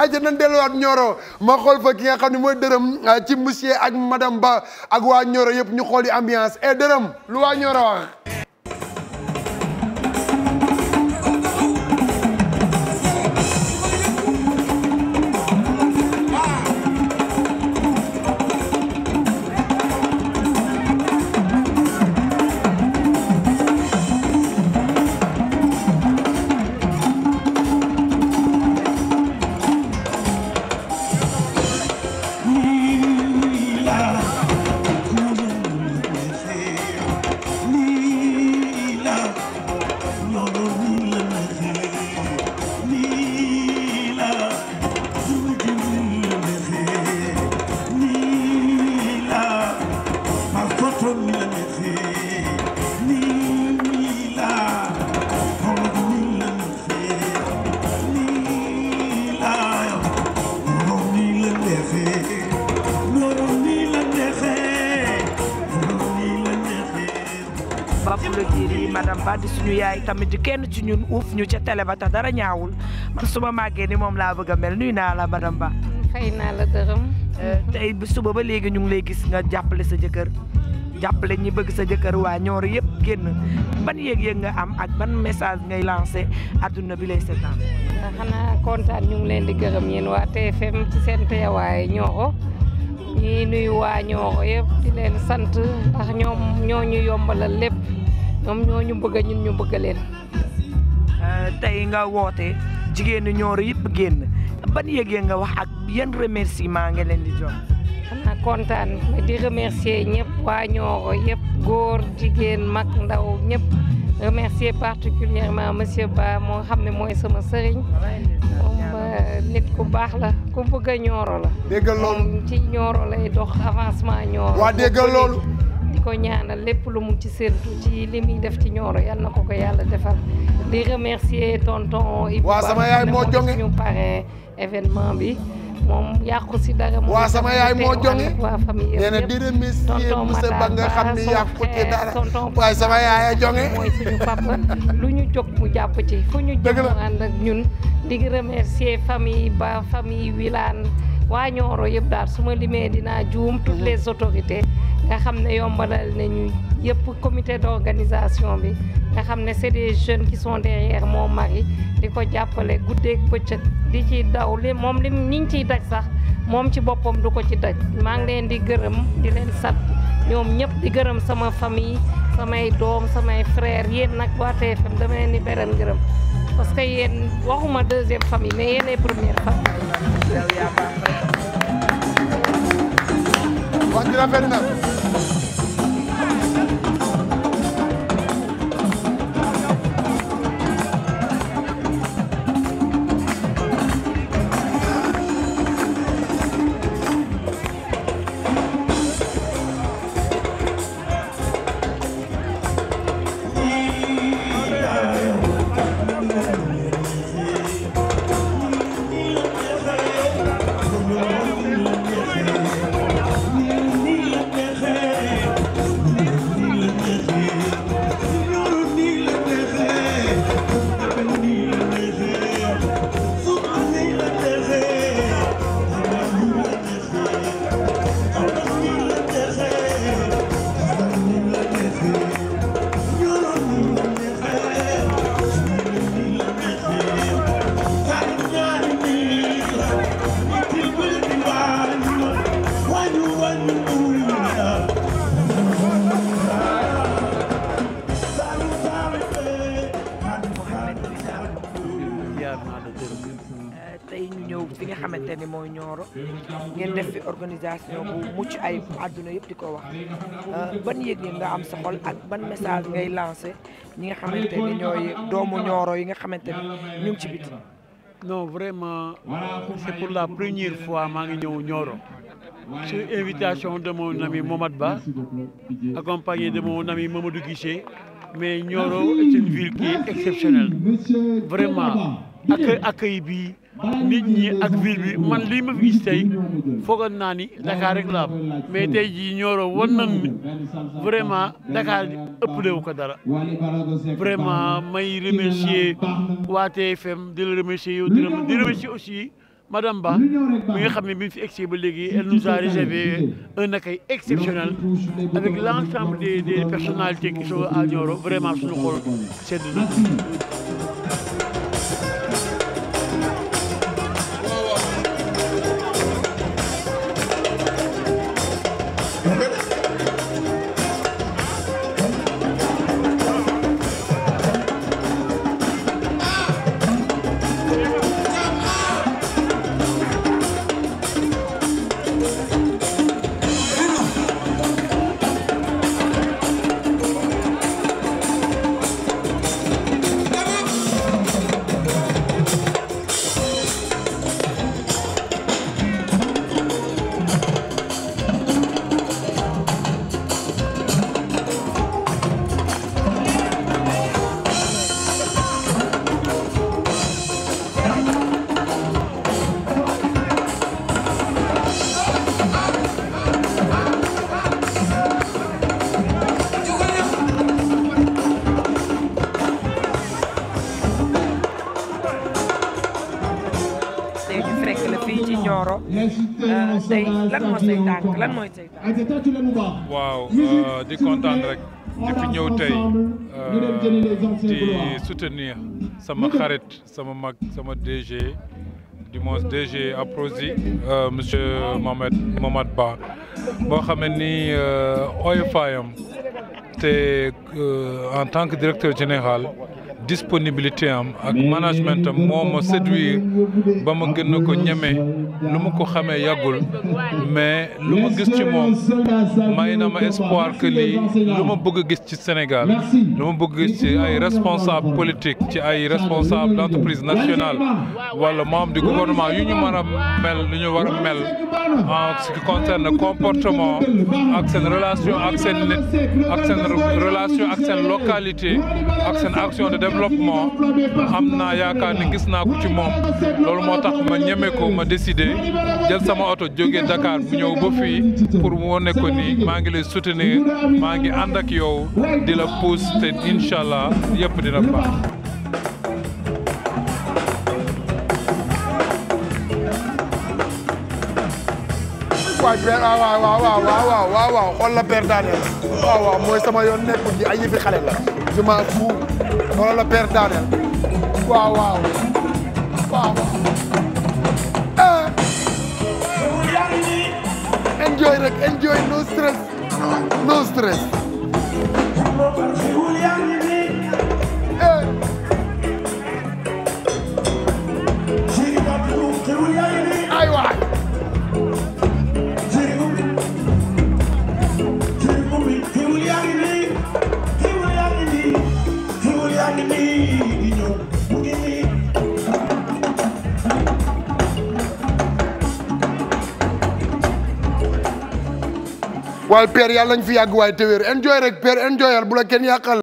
ayca nañ delluwaat Nioro ma xool fa ki nga xam ne mooy dërëm ah, ci monsieur ak madam Ba ak waa ñoro yëpp ñu yi ambiance et eh, dërëm lu waa Nioro wax. blogueur yi madame Ba yaay tamit di kenn ci ñun uuf ñu ca tele ba tax dara ñaawul man su ma màggee ni moom laa bëgg a mel nuyu naa la madame Ba. xëy naa la dërëm. Euh, tey bi suba ba léegi ñu ngi lay gis nga jàppale sa jëkkër jàppale ñi bëgg sa jëkkër waa ñoor yëpp génn ban yëg-yëg nga am ak ban message ngay lancé adduna bi lay seetaan. xanaa kontaan ñu ngi leen di gërëm yéen waa TFM ci seen teewaay ñooro ñii nuyu waa ñooro yëpp di leen sant ndax ñoom ñoo ñu yombalal lépp. ñoom ñoo ñu bëgg ñun ñu bëgg leen. Euh, tey nga woote jigéen ñi Nioro yëpp génn ban yëgee nga wax ak yan maa nga leen di jox. xanaa kontaan di remercier ñëpp waa Nioro yëpp góor jigéen mag ndaw ñëpp remercier particulièrement monsieur Ba moo xam ne mooy sama sëriñ. Euh, nit ku baax la ku bëgg a Nioro la. déggal loolu ci ñooro lay dox avancement Nioro. waa déggal loolu. di ko ñaanal lépp lu mu ci séddu ci li muy def ci ñooro yàlla na ko ko yàlla defal li remercier tonton Ibou waaw sama yaay moo événement bi moom yàqu si dara waaw sama yaay moo jonge Ba nga xam ni yàqu ci dara waaye sama yaay a jonge mooy suñu papa lu ñu jóg mu jàpp ci fu ñu jóg mu ak ñun di remercier famille Ba famille Wilane waa ñooro yëpp daal su ma limee dinaa juum toutes les autorités nga xam ne yombalal nañu yëpp comité d'organisation bi nga xam ne c'est des jeunes qui sont derrière mon mari di ko jàppale guddeeg bëccëg di ci daw li moom li ñi ngi ciy daj sax moom ci boppam du ko ci daj maa ngi leen di gërëm di leen sant ñoom ñëpp di gërëm sama famille samay doom samay frère yéen nag waa TFM dama leen di beral gërëm parce que yéen waxuma deuxième famille mais yéenay première famille wax ji rafet na Euh, tey ñu ñëw fi nga xamante ni mooy Nioro ngeen def fi organisation bu mucc ayib àdduna yëpp di ko wax euh, ban yéeg nga am sa xol ak ban message ngay lancé ñi nga xamante ni ñooy doomu ñooro yi nga xamante ni ñu ci biti non vraiment c'est pour la première fois maa ngi ñëw Nioro sur invitation de mon ami Momad Ba accompagné de mon ami Mamadou mais Nioro est vraiment ak accueil bi nit ñi ak ville bi man lii ma fi gis tey foogoon naa ni Dakar rek la mais tey jii Nioro wan nañ vraiment Dakar ëppalewu ko dara vraiment may remercier waa TFM di la remercier yow di aussi Madame Ba mi nga xam ne bi ñu fi egsi ba léegi elle nous a réservé un accueil avec l'ensemble des des personnalités qui sont à vraiment suñu xool sedd na tey lan moo say mooy say tànk. waaw euh, di kontaan rek di fi ñëw tey euh, di soutenir sama xarit sama mag sama DG du moins DG Aprosi euh, monsieur Mohamed Mohamed Ba boo xam ne nii oyofaayam te en tant directeur général. disponibilité am ak management am moo ma séduire ba ma gën ko ñeme lu ma ko xamee yàggul mais lu ma gis ci moom may na ma espoir que lii lu ma bëgg gis ci Sénégal lu ma bëgg a gis ci ay responsable politique ci ay responsable d'entreprise nationale wala membre di gouvernement yu ñu mën mel lu ñu war a mel en ce qui concerne comportement ak seen relation ak seen nit ak seen relation ak seen localité ak seen action de développement am naa yaakaar ni gis naa ko ci moom loolu moo tax ma ñeme ko ma décider jël sama oto jógee Dakar bu ñëw ba fii pour mu wane ko ni maa ngi lay soutenir maa ngi ànd ak yow di la pousse te incha allah yëpp dina baax. waay père waaw waaw waaw waaw waaw waaw xool la père daaneel waaw waaw mooy sama yoon nekkul ji ay yëfi xale la je m'en fous xool la père daaneel waaw waaw waaw waaw eh. enjoy rek enjoy no stress no stress waaye père yàlla nañ fi yàgg waaye te wér enjoy rek père enjoyal bu la kenn yàqal